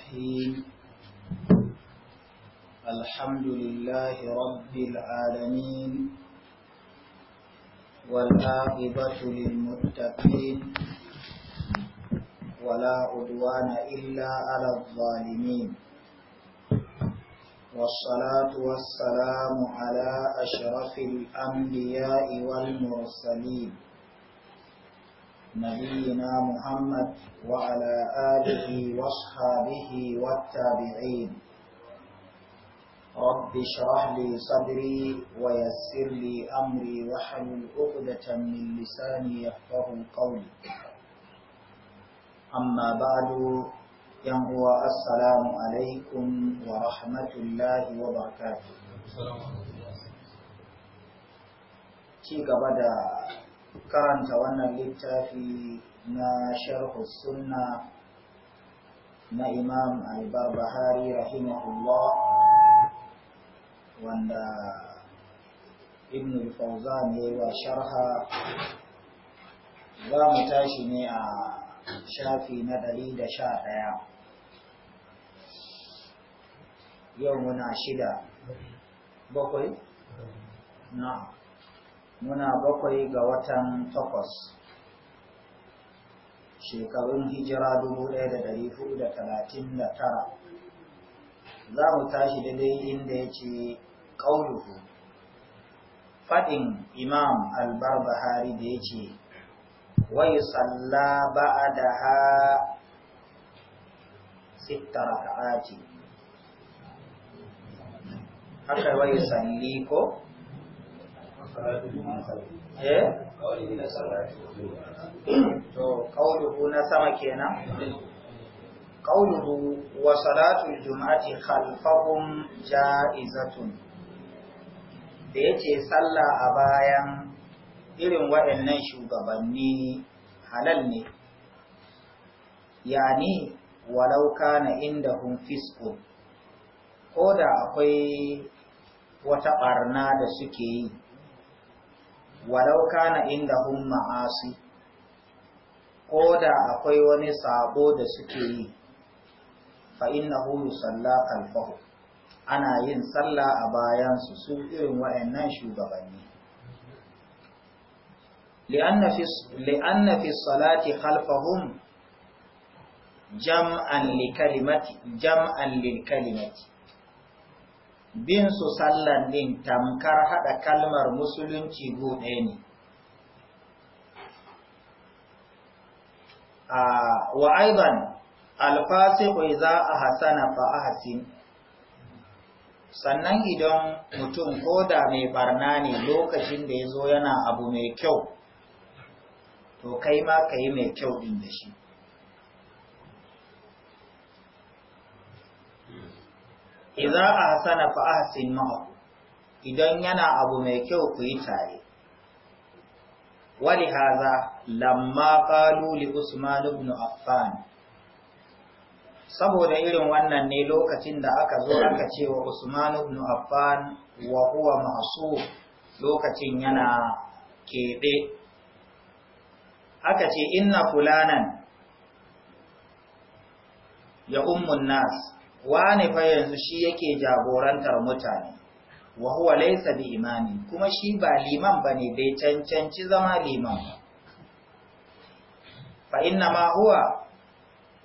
الرحيم الحمد لله رب العالمين والعاقبة للمتقين ولا عدوان إلا على الظالمين والصلاة والسلام على أشرف الأنبياء والمرسلين نبينا محمد وعلى آله واصحابه والتابعين رب اشرح لي صدري ويسر لي أمري واحلل عقدة من لساني يفقه قولي أما بعد ينهو السلام عليكم ورحمة الله وبركاته ci gaba da karanta wannan littafi na sharhu sunna na imam al-barbahari rahimahullah wanda ibn al-fawzan ya wa sharha za mu tashi ne a shafi na da sha 111 yau muna shida bakwai no. muna bakwai ga watan takwas shekarun hijira da tara. za mu tashi daidai inda ya ce ƙauluhu faɗin imam albarbahari da ya ce wai tsalla ba a da ha sittara ka'ati haka wai tsalli ko Eh? to qawluhu na sama kenan qawluhu wa salatul jum'ati khalfahum ja'izatun da yace sallah a bayan irin waɗannan shugabanni halal ne yani walau kana indahum fisko, ko da akwai wata ɓarna da suke yi walau kana indahum ma'asi ko da akwai wani sabo da suke yi fa innahu salla khalfahu ana yin sallah a bayan su su irin wayannan shugabanni li'anna fi salati khalfahum jam'an li kalimati jam'an lil kalimati bin su sallan din tamkar haɗa kalmar musulunci go ne wa aiban za a ahsana fa ahsin sannan idan mutum koda mai barna ne lokacin da yazo yana abu mai kyau to kai ma kai mai kyau din da shi Iza a hasana fa ahsin ma'ahu idan yana abu mai kyau ku yi tare wali haza lamma qalu li usman ibn affan saboda irin wannan ne lokacin da aka zo aka ce wa usman ibn affan wa huwa masu lokacin yana keɓe. aka ce inna fulanan ya ummun nas wane fa yanzu shi yake jagorantar mutane wa huwa laysa bi kuma shi ba liman bane bai cancanci zama liman fa inna ma huwa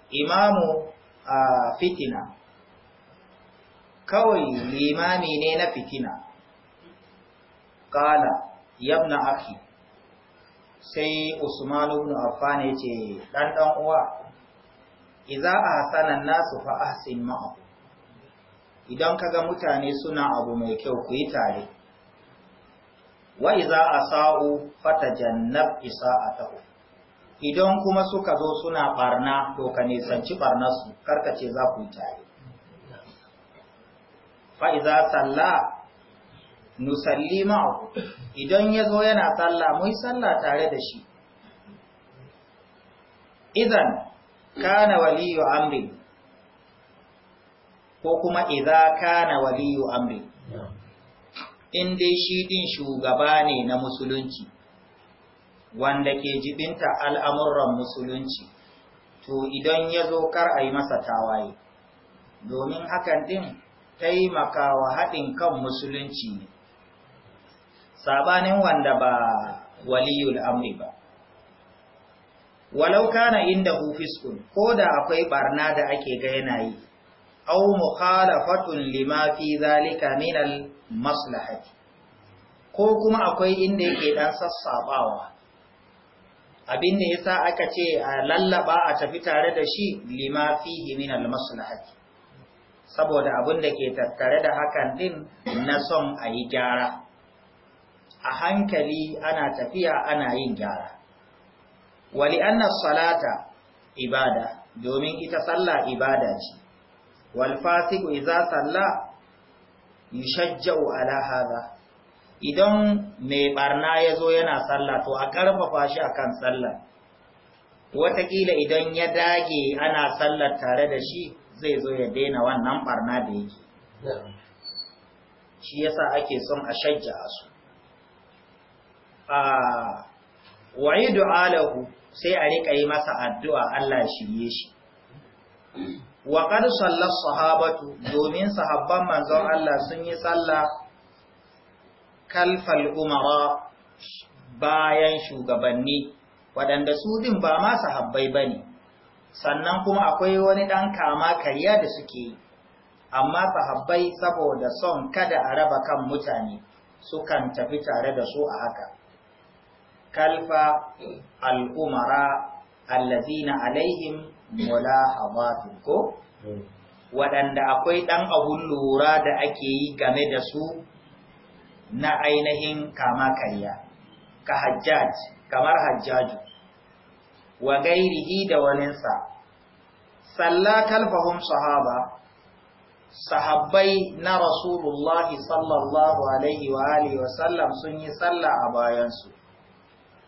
imamu a fitina kawai limami ne na fitina kala yabna akhi sai Usmanu ibn affan yace dan dan uwa iza ahsanan nasu fa ahsin ma'ahu idan kaga mutane suna abu mai kyau ku yi tare wa iza asa'u fatajannab isa'atahu idan kuma suka zo suna barna to ka nisanci karka karkace za ku yi tare fa iza salla nusalli ma'ahu idan ya zo yana sallah mun sallah tare da shi idan kana waliyu amri ko kuma idza kana waliyu amri in dai shi din shugaba ne na musulunci wanda ke jibinta al'amuran musulunci to idan ya zo kar a yi masa tawaye domin hakan din taimakawa haɗin kan musulunci ne sabanin wanda ba waliyul amri ba walau kana inda fiskun ko da akwai barna da ake ga yana yi au mukhalafatun lima fi zalika min al maslahati ko kuma akwai inda yake dan sassabawa abin da yasa aka ce a lallaba a tafi tare da shi lima fihi min al maslahati saboda abin da ke tattare da hakan din na son a yi gyara a hankali ana tafiya ana yin gyara wali anna salata ibada domin ita sallah ibada ce wal fasiqu idza salla yushajja'u ala hadha idan mai barna yazo yana sallah to a karfafa shi akan sallah wataƙila idan ya dage ana sallar tare da shi zai zo ya daina wannan barna da yake shi yasa ake son a shajja su ah, wa yi du'alahu sai a riƙa yi masa addu'a Allah shirye shi. Wa ƙar sallar sahabatu domin sahabban manzon Allah sun yi sallah kalfal umara bayan shugabanni waɗanda su din ba ma sahabbai ba ne, sannan kuma akwai wani ɗan kama karya da suke yi, amma sahabbai saboda son kada a raba kan mutane sukan tafi tare da su a haka. kalfa al'umara allazina alaihim mulahabatun ko hmm. waɗanda akwai ɗan abun lura da ake yi game da su na ainihin kama karya ka hajjaj kamar hajjaju wa gairihi da waninsa salla kalfahum sahaba sahabbai na rasulullahi sallallahu alaihi wa alihi wa sallam sun yi salla a bayansu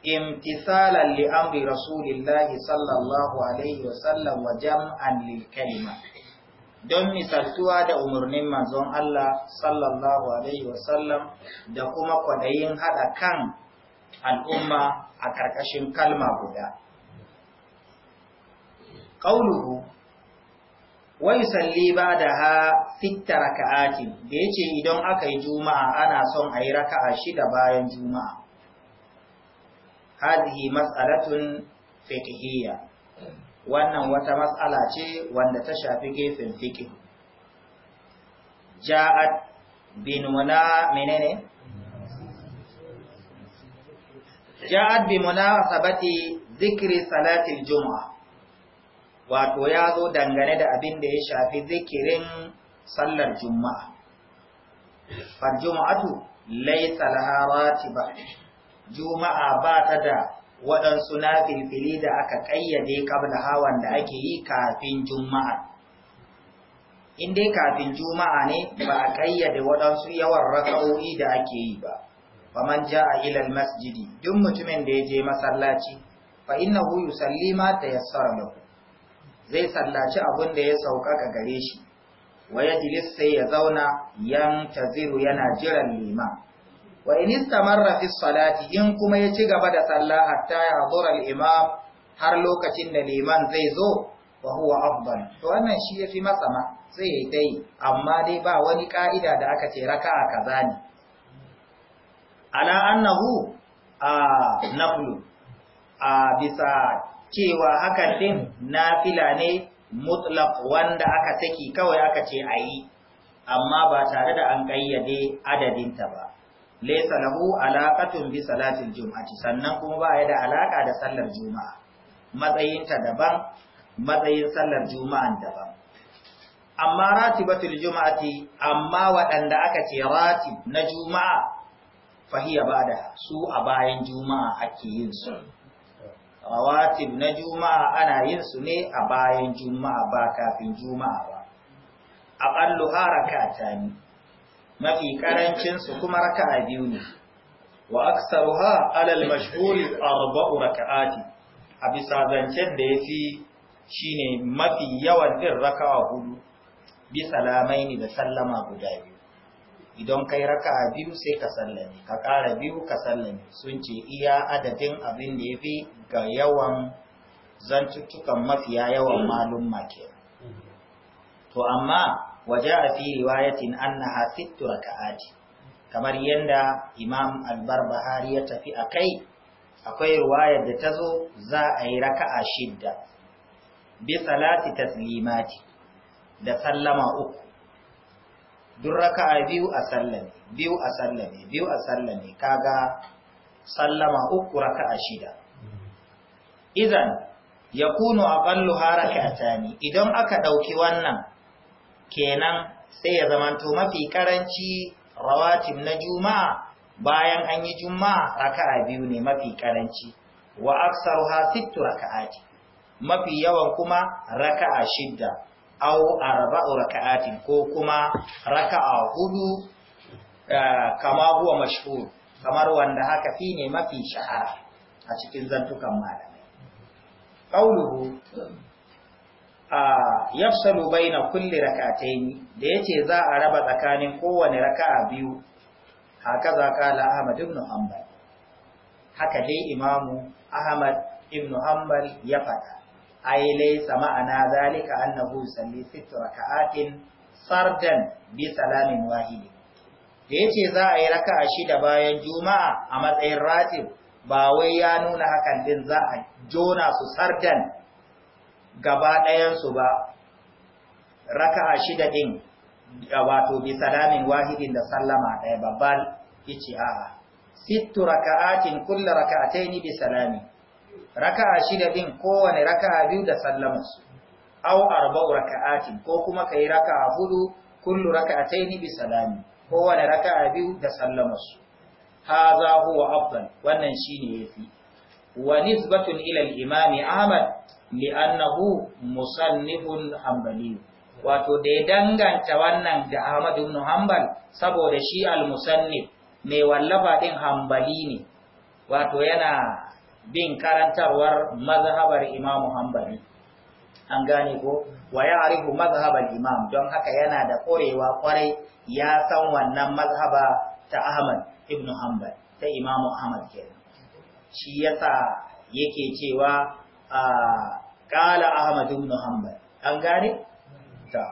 imtisalan li amri rasulillahi sallallahu alaihi wasallam wa jam'an lil kalima don misaltuwa da umarnin manzon Allah sallallahu alaihi wasallam da kuma kwadayin hada kan al'umma a karkashin kalma guda qauluhu wai yusalli ba da ha raka'ati da yace idan aka yi juma'a ana son a yi raka'a shida bayan juma'a hadhihi mas'alatun fiqhiyya wannan wata mas'ala ce wanda ta shafi gefen fiqh ja'at binuna menene ja'at bimuna sabati zikri salatil wato ya zo dangane da abin da ya shafi zikirin sallar juma'a fal juma'atu laysa laha ratiba juma'a ba ta da waɗansu na filfili da aka ƙayyade kabla hawan da ake yi kafin juma'a in dai kafin juma'a ne ba a ƙayyade waɗansu yawan raka'o'i da ake yi ba man ja a ilal masjidi duk mutumin da ya je masallaci fa Huyu, yusalli ma tayassara lahu zai sallaci abin da ya sauƙaƙa gare shi wa yajlis sai ya zauna yan taziru yana jiran liman wa in istamarra fi salati in kuma ya ci gaba da sallah hatta ya hadura al-imam har lokacin da liman zai zo wa huwa afdal to wannan shi yafi masa ma sai yayi dai amma dai ba wani ka'ida da aka ce raka'a kaza ne ala annahu a naflu a bisa cewa hakan din nafila ne mutlaq wanda aka saki kawai aka ce ayi amma ba tare da an kayyade adadinta ba laysa lahu alaqatun bi salatil jum'ati sannan kuma ba ya da alaka da sallar juma'a matsayinta daban matsayin sallar juma'an daban amma ratibatul juma'ati amma waɗanda aka ce ratib na juma'a fahiya bada su a bayan juma'a ake yin su rawatib na juma'a ana yin su ne a bayan juma'a ba kafin juma'a ba aqallu harakatani mafi karancinsu kuma raka'a biyu ne wa ha alal mashhuri arba'u raka'ati a bisa zancen da yafi shine mafi yawan din raka'a hudu bi salamaini da sallama guda biyu idan kai raka'a biyu sai ka sallame ka ƙara biyu ka sallame sun ce iya adadin abin da yafi ga yawan zantuttukan mafiya yawan malum make to amma Waje a fi riwayatin annaha sittu raka'ati kamar yadda imam Albarbahari ya tafi a kai akwai riwayar da ta zo za a yi raka'a shidda bi salati taslimati da sallama uku duk raka'a biyu a sallame biyu a sallame biyu a sallame kaga sallama uku raka'a shida idan yakunu aqallu harakatani idan aka ɗauki wannan kenan sai ya zamanto mafi karanci rawatib na juma'a bayan an yi juma'a raka'a biyu ne mafi karanci wa ha sittu raka'ati mafi yawan kuma raka'a shidda aw arba'u raka'atin ko kuma raka'a hudu eh, kama huwa mashhur kamar wanda haka fi ne mafi shahara a cikin zantukan malamai qauluhu a yafsalu baina kulli rak'atayn da yace za a raba tsakanin kowane raka'a biyu haka za kala Ahmad ibn Hanbal haka dai imamu Ahmad ibn Hanbal ya fada ai laysa ma'ana zalika annahu salli sitt raka'atin sardan bi salamin wahid da yace za a yi raka'a shida bayan juma'a a matsayin ratib ba wai ya nuna hakan din za a jona su sardan gaba ɗayansu ba raka'a shida ɗin wato bi salamin wahidin da sallama ɗaya babbal a a. sittu raka'atin kullu raka'ataini bi salami raka'a shida ɗin kowane raka'a biyu da sallama su aw arba'u raka'atin ko kuma ka yi rak'a a hudu kullu raka'ataini bi salami kowane a biyu da sallama su za huwa afdal wannan shi ne ya fi. wa nisbatun ila al-imam Ahmad li'annahu musannifun hanbali wato da ya danganta wannan da Ahmad ibn Hanbal saboda shi al-musannif mai wallafa din hanbali ne wato yana bin karantarwar mazhabar Imam Hanbali an gane ko wa ya ya'rifu mazhabar imam don haka yana da korewa kwarai ya san wannan mazhaba ta Ahmad ibn Hanbal ta Imam Ahmad kenan shi yasa yake cewa a qala ahmad ibn hanbal an gane ta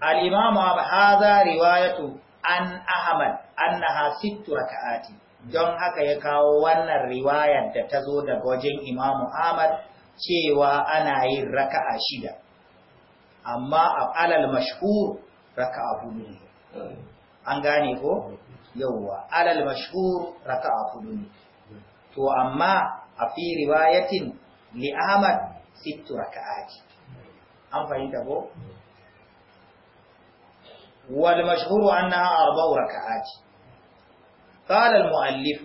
al-imam hadha riwayatu an ahmad annaha sittu raka'ati don haka ya kawo wannan riwayar da ta zo daga wajen imamu ahmad cewa ana yin raka'a shida amma a alal mashhur raka'a hudu ne an gane ko yawwa alal mashhur raka'a hudu ne to amma a fi riwayatin li Ahmad sittu raka'ati an fahimta ko wal mashhur annaha arba'u raka'ati qala al muallif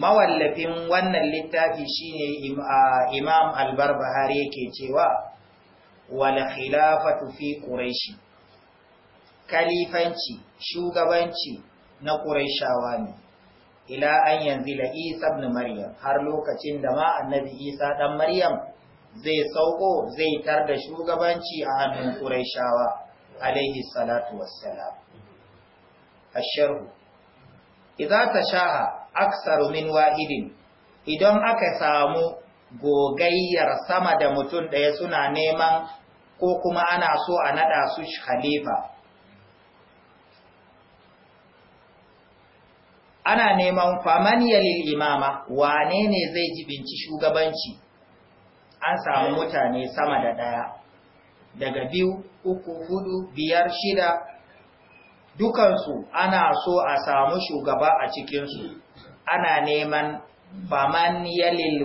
mawallafin wannan littafi shine imam al-barbahari yake cewa wal khilafatu fi quraish kalifanci shugabanci na ƙuraishawa ne ila an yanzu la isa ibn maryam har lokacin da ma annabi isa dan maryam zai sauko zai tar da shugabanci a hannun ƙuraishawa alaihi salatu wassalam asharu idza tashaha aksaru min wahidin idan aka samu gogayyar sama da mutum ɗaya suna neman ko kuma ana so a nada su khalifa ana neman faman yalil imama wane ne zai jibinci shugabanci an samu mutane sama da ɗaya daga biyu uku hudu biyar shida dukansu ana so a samu shugaba a cikinsu ana neman faman yalil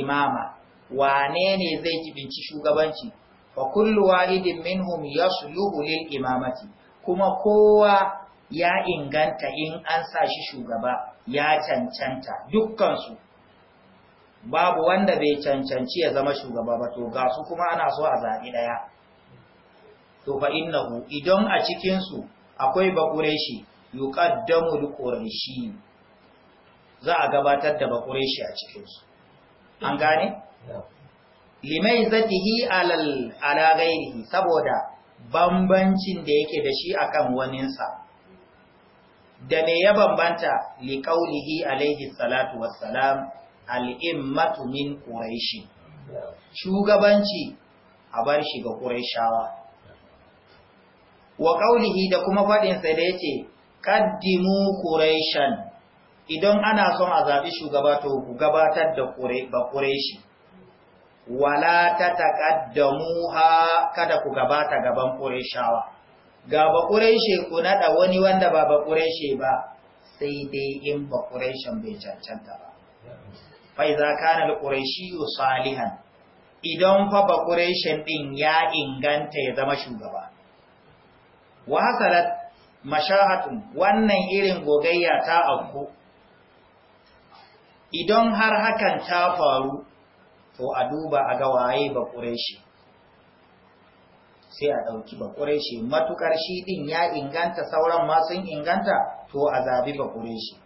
imama wane ne zai jibinci shugabanci fa kullu wa'idin minhum yasluhu lil imamati kuma kowa ya inganta in an sa shi shugaba ya cancanta dukkansu babu wanda bai cancanci ya zama shugaba ba to ga su kuma ana so a zaɓi ɗaya to fa innahu idan a cikinsu akwai bakureshi yuqaddamu liqurayshi za a gabatar da bakureshi a cikinsu an gane limai zatihi alal ala ghairihi saboda bambancin da yake da shi akan waninsa da me ya bambanta liƙaunihi alaihi salatu wassalam al'immatu min ƙuraishi shugabanci a bar shi ga ƙuraishawa wa ƙaunihi da kuma faɗinsa da ya ce ƙaddimu ƙuraishan idan ana son a zaɓi shugaba to ku gabatar da ƙuraishi wala ta taƙaddamu ha kada ku gabata gaban ƙuraishawa ga baƙureshe ku naɗa wani wanda ba baƙureshe ba sai dai in baƙureshen bai cancanta ba. Fai za ka na salihan, idan fa baƙureshen ɗin ya inganta ya zama shugaba. Wa mashahatun wannan irin gogayya ta auku, idan har hakan ta faru, to a duba a ga waye sai a ɗauki bakurai shi matukar shi ɗin ya inganta sauran ma inganta to a zabi bakurai shi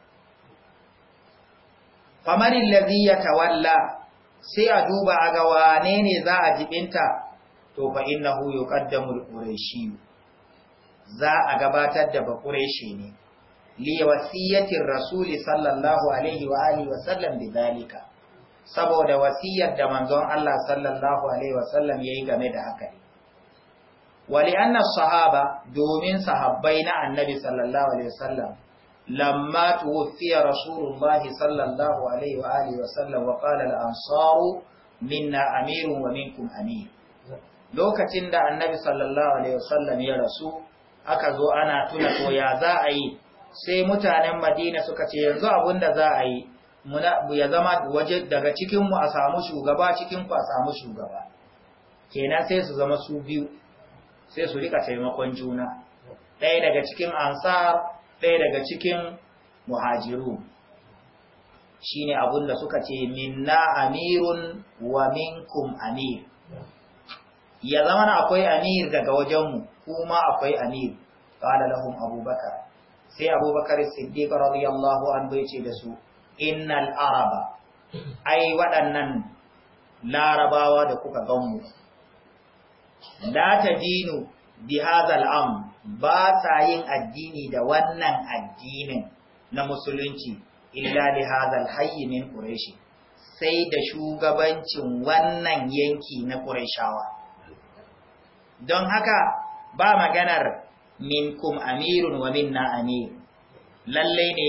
famanin lazi ya tawalla sai a duba a ga wane ne za a jibinta to fa innahu yuqaddamul quraishi za a gabatar da bakureshi ne li wasiyatir rasul sallallahu alaihi wa alihi wa sallam bidalika saboda wasiyar da manzon Allah sallallahu alaihi wa sallam yayi game da haka wali anna sahaba domin sahabbai na annabi sallallahu alaihi wasallam lamma tuwfiya rasulullahi sallallahu alaihi wa alihi wa qala al minna amirun wa minkum amir lokacin da annabi sallallahu alaihi wasallam ya rasu aka zo ana tuna koya za a yi sai mutanen madina suka ce yanzu abun da za a yi ya zama waje daga cikinmu a samu shugaba cikinku a samu shugaba kenan sai su zama su biyu sai su rika taimakon juna ɗaya daga cikin ansar ɗaya daga cikin muhajiru Shi abun da suka ce minna amirun wa minkum amir ya zama na akwai amir daga wajenmu kuma akwai amir ƙada lahun abubakar sai abubakar siddiq radiyallahu bai ce da su innal araba ai waɗannan larabawa da kuka ganmu la tadinu bi hadzal am ba sa yin addini da wannan addinin na musulunci illa li hadzal hayy min quraish sai da shugabancin wannan yanki na quraishawa don haka ba maganar minkum amirun wa minna amir lalle ne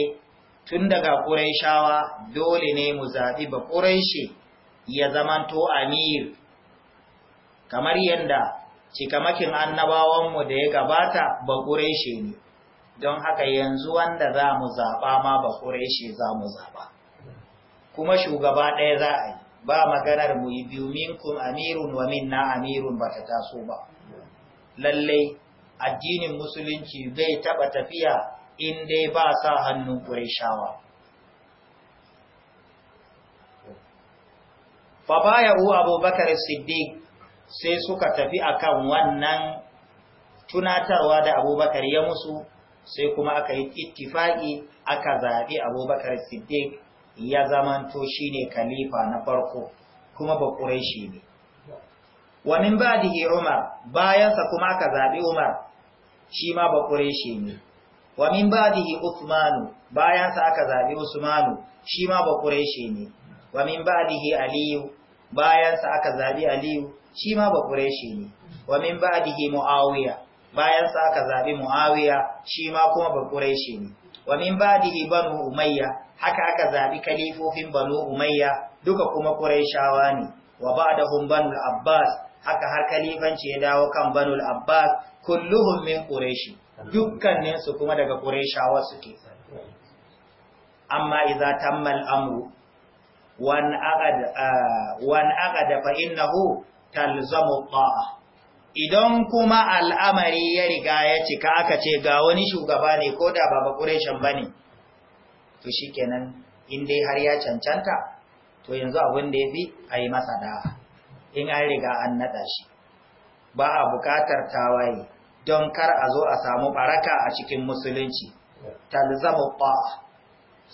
tun daga quraishawa dole ne mu zabi ba quraishi ya zamanto amir kamar yadda cikamakin annabawanmu da ya gabata ba ƙureshe ne don haka yanzu wanda za mu zaɓa ma ba ƙureshe za mu zaɓa kuma shugaba ɗaya za a yi ba maganar mu yi biyu minkum amirun wa minna amirun ba ta taso ba lallai addinin musulunci bai taɓa tafiya in dai ba sa hannun ƙureshawa fa baya abubakar siddiq sai suka tafi akan wannan tunatarwa da abubakar ya musu sai kuma aka yi ittifaki aka zaɓi abubakar siddiq ya zamanto shine khalifa na farko kuma ba ƙureshi ne wa min ba'dihi umar bayansa kuma aka zaɓi umar shi ma ba ƙureshi ne wa min ba'dihi usmanu bayansa aka zaɓi usmanu shi ma ba ƙureshi ne wa min ba'dihi aliyu bayansa aka zabi aliyu shi ma ba kureshi ne wa min ba'dihi muawiya bayansa aka zabi muawiya shi ma kuma ba kureshi ne wa min ba'dihi banu umayya haka aka zabi kalifofin banu umayya duka kuma kureshawa ne wa ba'dahum banu abbas haka har kalifanci ya dawo kan banu abbas kulluhum min quraishi dukkaninsu kuma daga qurayshawa suke amma idza tammal amru wan aqad ah, wan aqad fa innahu talzamu ta'a idan kuma al'amari ya riga ya cika aka ce ga wani shugaba ne ko da baba kureshan ba to shi indai dai har ya cancanta to yanzu abin da ya fi a masa da'a in an riga an naɗa shi ba a buƙatar tawaye don kar a zo a samu baraka a cikin musulunci talzamu ta'a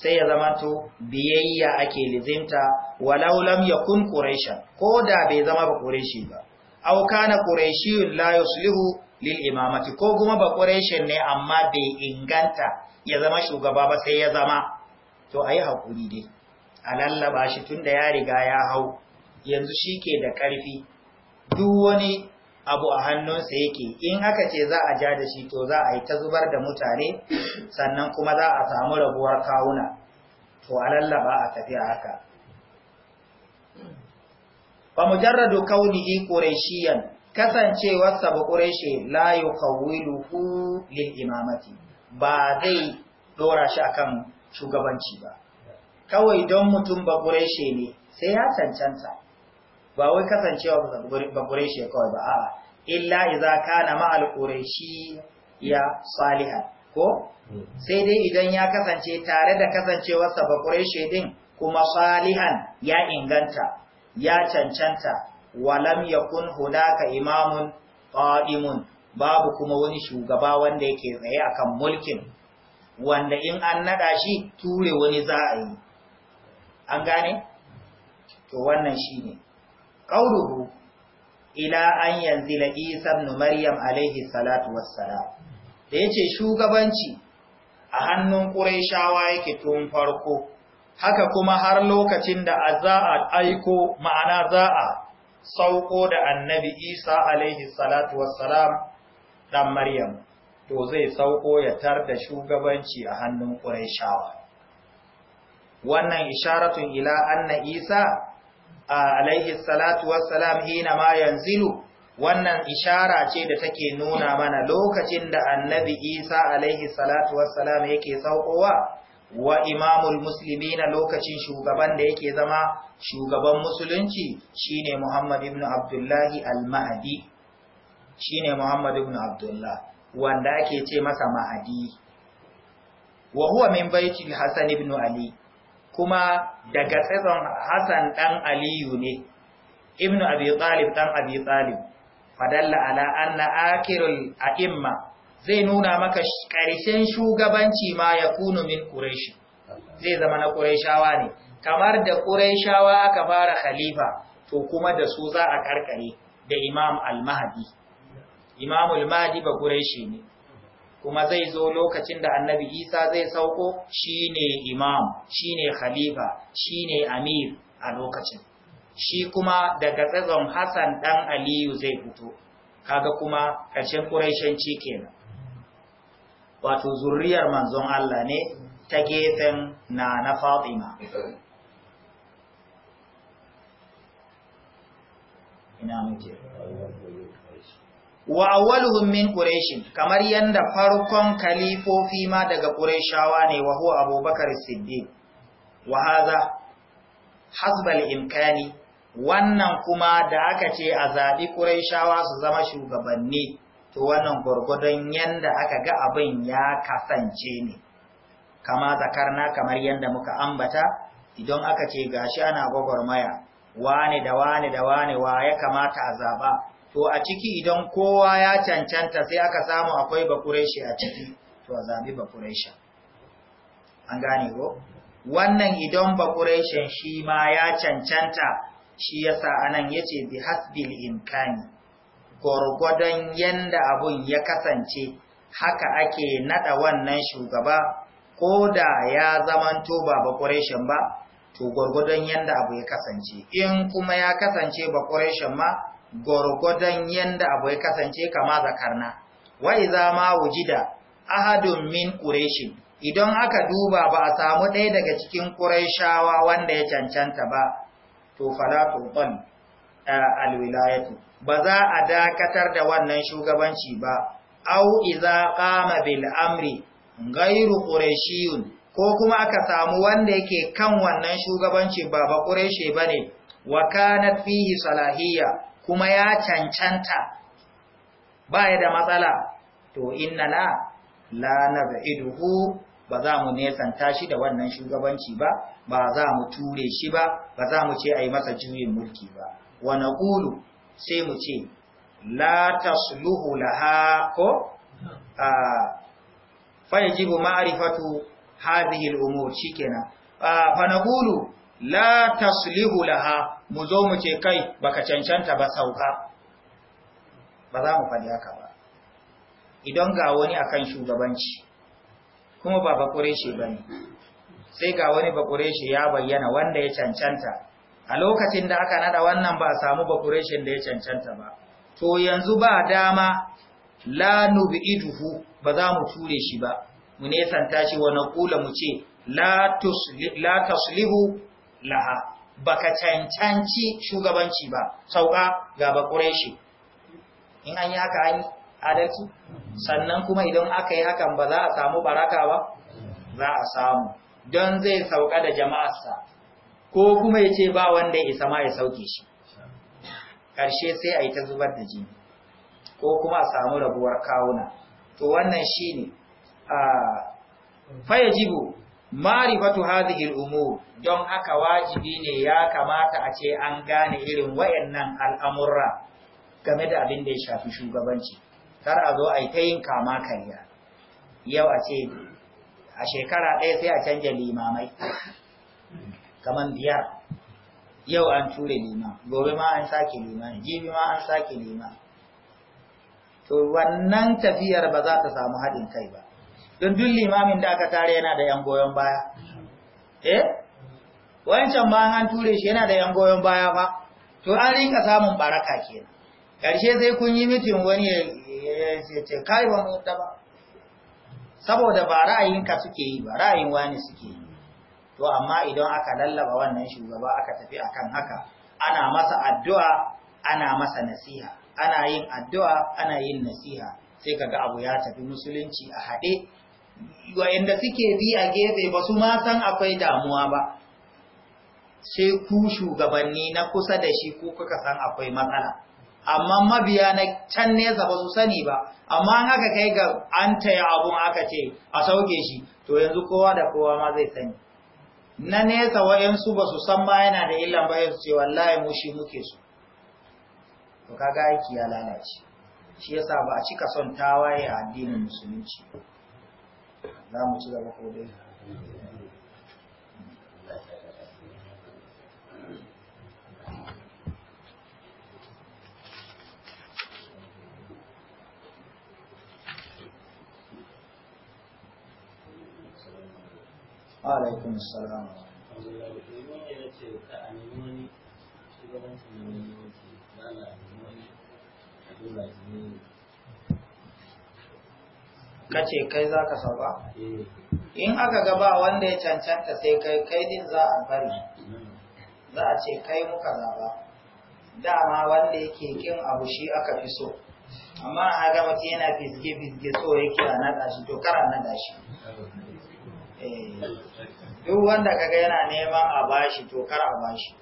sai ya zama to biyayya ake lizinta walau lam yakun quraisha ko da bai zama ba quraishi ba aw kana quraishi la yuslihu lil imamati ko kuma ba quraishi ne amma bai inganta ya zama shugaba ba sai ya zama to ayi hakuri dai a lallaba shi tunda ya riga ya hau yanzu shike da karfi duk wani abu a hannunsa yake in haka ce za a ja da shi to za a yi ta zubar da mutane sannan kuma za a samu rabuwar kawuna to a lallaba a tafi a haka mu mujarradu kaunihi qurayshiyan kasancewarsa ba qurayshi la hu lil imamati ba zai dora shi akan shugabanci ba kawai don mutum ba qurayshi ne sai ya cancanta ba wai kasancewa ba quraishi kawai ba a'a illa idza kana ma al ya salihan ko sai dai idan ya kasance tare da kasancewarsa ba quraishi din kuma salihan ya inganta ya cancanta walam ya yakun hunaka imamun qa'imun babu kuma wani shugaba wanda yake tsaye akan mulkin wanda in an naɗa shi ture wani za a yi an gane to wannan shine ƙauruhu ila an yanzu la isa maryam alaihi salatu wassalam da yace shugabanci a hannun quraishawa yake tun farko haka kuma har lokacin da za a aiko ma'ana za a sauko da annabi isa alaihi salatu wassalam ɗan maryam to zai sauko ya tar da shugabanci a hannun quraishawa wannan isharatun ila anna isa alaihi salatu wassalam hina ma yanzilu wannan ishara ce da take nuna mana lokacin da annabi isa alaihi salatu wassalam yake saukowa wa imamul musulmi na lokacin shugaban da yake zama shugaban musulunci shine muhammad ibn abdullahi al mahdi, shine muhammad ibn abdullah wanda ake ce masa mahdi. wa huwa min baitil hasan ibn ali kuma daga tsizon Hassan ɗan Aliyu ne, Ibn Abi Talib ɗan Abi Talib, fadalla ala anna akirul a'imma zai nuna maka ƙarshen shugabanci ma ya kunu min Quraishi, zai zama na Qurayshawa ne, kamar da Qurayshawa aka fara khalifa, to kuma da su za a karkare da Imam Al-Mahdi. Imam Al-Mahdi ba Quraishi ne. kuma zai zo lokacin da annabi isa zai sauko shine imam shine khalifa shine amir a lokacin shi kuma daga tsazon hassan dan aliyu zai fito kaga kuma ƙarshen ƙuraishenci kenan wato zurriyar manzon Allah ne ta gefen na na fatima ina mutu wa awwaluhum min quraish kamar yanda farkon kalifofi ma daga quraishawa ne wa huwa abubakar siddiq wa hadha hasbal imkani wannan kuma da aka ce a zabi quraishawa su zama shugabanni to wannan gurgudan yanda aka ga abin ya kasance ne kama zakarna kamar yanda muka ambata idan aka ce gashi ana gwagwarmaya wane da wane da wane wa ya kamata a zaba to a ciki idan kowa ya cancanta sai aka samu akwai bakureshi a ciki to a zabi bakureshin an gane ko wannan idan bakureshin shi ma ya cancanta shi yasa anan yace bi hasbil imkani gwargwadon yanda abun ya kasance haka ake nada wannan shugaba ko da ya zamanto ba bakureshin ba to gwargwadon yanda abu ya kasance in kuma ya kasance bakureshin ma gwargwadon yanda abu ya kasance kama zakarna wa iza ma wujida ahadun min quraish idan aka duba ba a samu ɗaya daga cikin quraishawa wanda ya cancanta ba to fala alwilayatu ba za a dakatar da wannan shugabanci ba au iza qama bil amri ghairu quraishiyun ko kuma aka samu wanda yake kan wannan shugabanci ba ba quraishi bane wa kanat fihi salahiyya kuma ya cancanta ba ya da matsala to innana la nab'iduhu ba za mu nesanta shi da wannan shugabanci ba ba za mu ture shi ba ba za mu ce a masa juyin mulki ba wa naqulu sai mu ce la tasluhu laha ko a fa yajibu ma'rifatu hadhihi al-umur shikenan fa naqulu la taslihu laha mu zo mu ce kai baka cancanta ba sauka ba za mu faɗi haka ba idan ga wani akan shugabanci kuma ba bakure shi ba ne sai ga wani bakure shi ya bayyana wanda ya cancanta a lokacin da aka nada wannan ba a samu bakure shi da ya cancanta ba to yanzu ba dama la nubi'iduhu ba za mu ture shi ba mu nesanta shi wa kula mu ce la tuslihu laha baka cancanci shugabanci ba sauka ga bakureshi in an yi haka an adalci sannan kuma idan aka yi hakan ba za a samu baraka ba za a samu don zai sauka da jama'arsa ko kuma ya ce ba wanda ya isa ma ya sauke shi ƙarshe sai a yi ta zubar da jini ko kuma a samu rabuwar kawuna to wannan shi ne ah, fayajibu Marifatu hadhihi al-umur don haka wajibi ne ya kamata a ce an gane irin wayannan al'amurra game da abin da ya shafi shugabanci kar a zo a yi ta yin kama kariya yau a ce a shekara ɗaya sai a canja limamai kamar biyar yau an ture lima gobe ma an sake lima jibi ma an sake lima to wannan tafiyar ba za ta samu haɗin kai ba don duk limamin da aka tare yana da yan goyon baya eh wancan ma an ture shi yana da yan goyon baya ba to an rinka samun baraka kenan karshe sai kun yi mitin wani ya ce kai mu ta ba saboda ba ra'ayinka suke yi ba ra'ayin wani suke yi to amma idan aka lallaba wannan shugaba aka tafi akan haka ana masa addu'a ana masa nasiha ana yin addu'a ana yin nasiha sai kaga abu ya tafi musulunci a haɗe wa'inda suke bi a gefe ba su san akwai damuwa ba sai ku shugabanni na kusa da shi ko kuka san akwai matsala amma mabiya na can nesa ba su sani ba amma haka kai ga an taya abun aka ce a sauke shi to yanzu kowa da kowa ma zai sani na nesa wa'yansu ba su san ba yana da illan ba yanzu ce wallahi mu shi muke su to kaga aiki ya lalace shi yasa ba a cika son tawaye a addinin musulunci ba za mu ci gaba ko dai alaikun salam Thank you. kace kai za ka sauka hmm. in aka gaba wanda ya cancanta sai kai kai din za a bari za a ce kai muka zaba dama wanda yake kin abu shi aka fi so amma a ga mutum yana fizge fizge so yake a nada shi to kara nada shi eh. duk wanda kaga yana neman a bashi to kara a bashi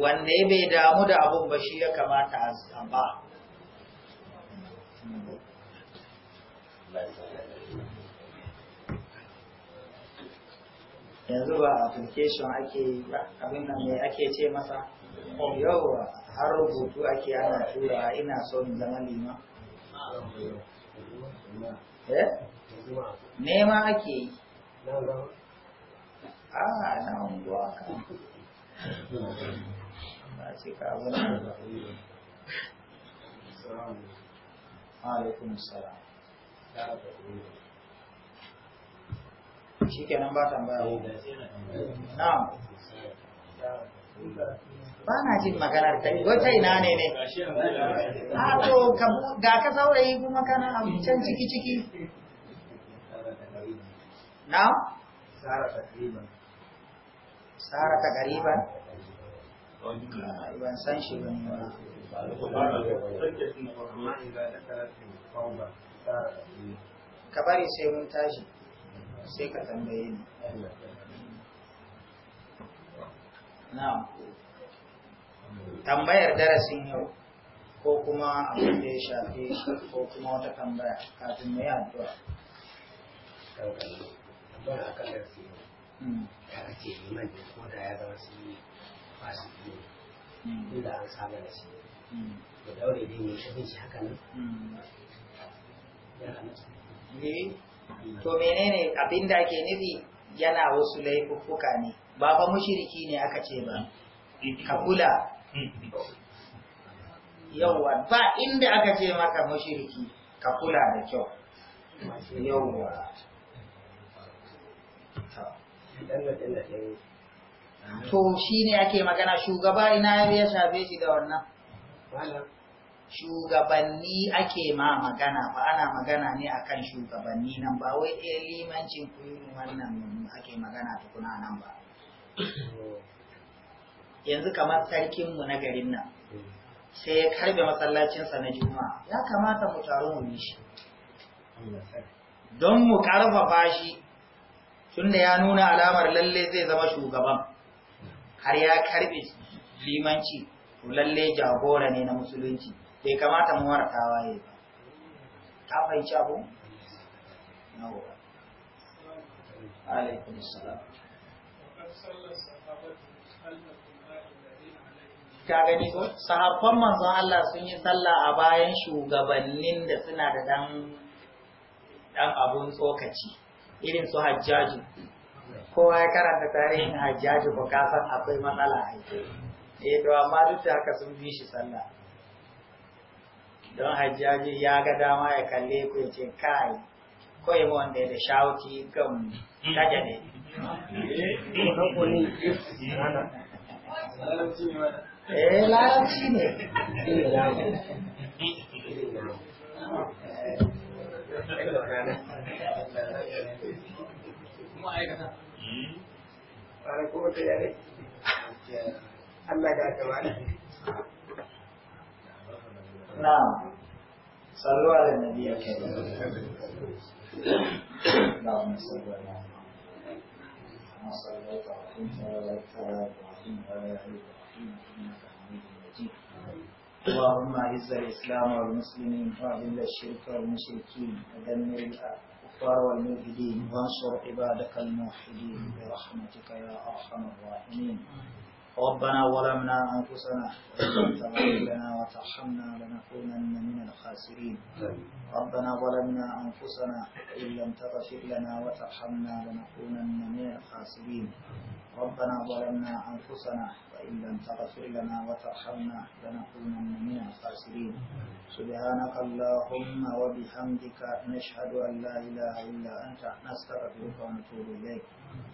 wanda ya bai damu da abun ba shi ya kamata a ba yanzu ba application ake abin nan mai ake ce masa oh, yau har rubutu ake ana tura ina so in zama lima eh? nema ake yi a ah, na unguwa kan ba ce ka abin da ba alaikum salam shi kenan ba tambaya na ba na jin maganar kai wata ina ne ne a to ga ka saurayi kuma kana can ciki ciki na tsara ta gariban ban san shi ba ne ba ka bari sai mun tashi sai ka tambaye ni na'am tambayar darasin yau ko kuma abin da ya shafe shi ko kuma wata tambaya kafin mu yi addu'a tambaya a kan darasi da hmm. ake ko da ya zama su yi biyu hmm. inda an saba da shi hmm. da daure dai mai shafin shi haka nan to menene abin da ake nufi yana wasu laifuffuka ne ba fa mushiriki ne aka ce ba ka kula yawwa ba inda aka ce maka mushiriki ka kula da kyau yawwa to shi ne ake magana shugaba ina ya shafe shi da wannan shugabanni ake ma magana ba ana magana ne akan shugabanni nan ba wai ɗaya limancin kuyi wannan ake magana tukuna nan ba yanzu kamar sarkinmu na garin nan sai ya karbe masallacinsa na juma'a ya kamata mu taru mu shi don mu karfafa shi tunda ya nuna alamar lalle zai zama shugaban har ya karbe limanci to lalle jagora ne na musulunci bai kamata mu mara tawaye ba ta fahimci abu? wa alaikum salam ka gani ko sahabban manzon Allah sun yi sallah a bayan shugabannin da suna da dan dan abun tsokaci irin su hajjaji. kowa ya karanta tarihin hajjaji ko kasan, akwai matsala a yake eh to amma duk da haka sun bi shi sallah don hajjaji ya ga dama ya kalle ku ce kai mu wanda ya da shawuki gan kaja ne eh larabci ne eh. Eh. Hmm? Allah ga gaba نعم صلوا على النبي اللهم صل على محمد كما صليت ورحمت وباركت على ابراهيم وعلى ال ابراهيم انك حميد مجيد اللهم اعز الاسلام والمسلمين واذل الشرك والمشركين ودمر الكفار والملحدين وانصر عبادك الموحدين برحمتك يا ارحم الراحمين ربنا ظلمنا أنفسنا وإن لنا وترحمنا لنكونن من الخاسرين ربنا ظلمنا أنفسنا وإن لم تغفر لنا وترحمنا لنكونن من الخاسرين ربنا ظلمنا أنفسنا وإن لم تغفر لنا وترحمنا لنكونن من الخاسرين سبحانك اللهم وبحمدك نشهد أن لا إله إلا أنت نستغفرك ونتوب إليك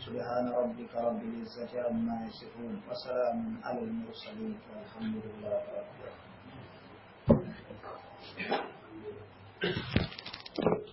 سبحان ربك رب العزة عما يصفون وسلام على المرسلين والحمد لله رب العالمين Thank you.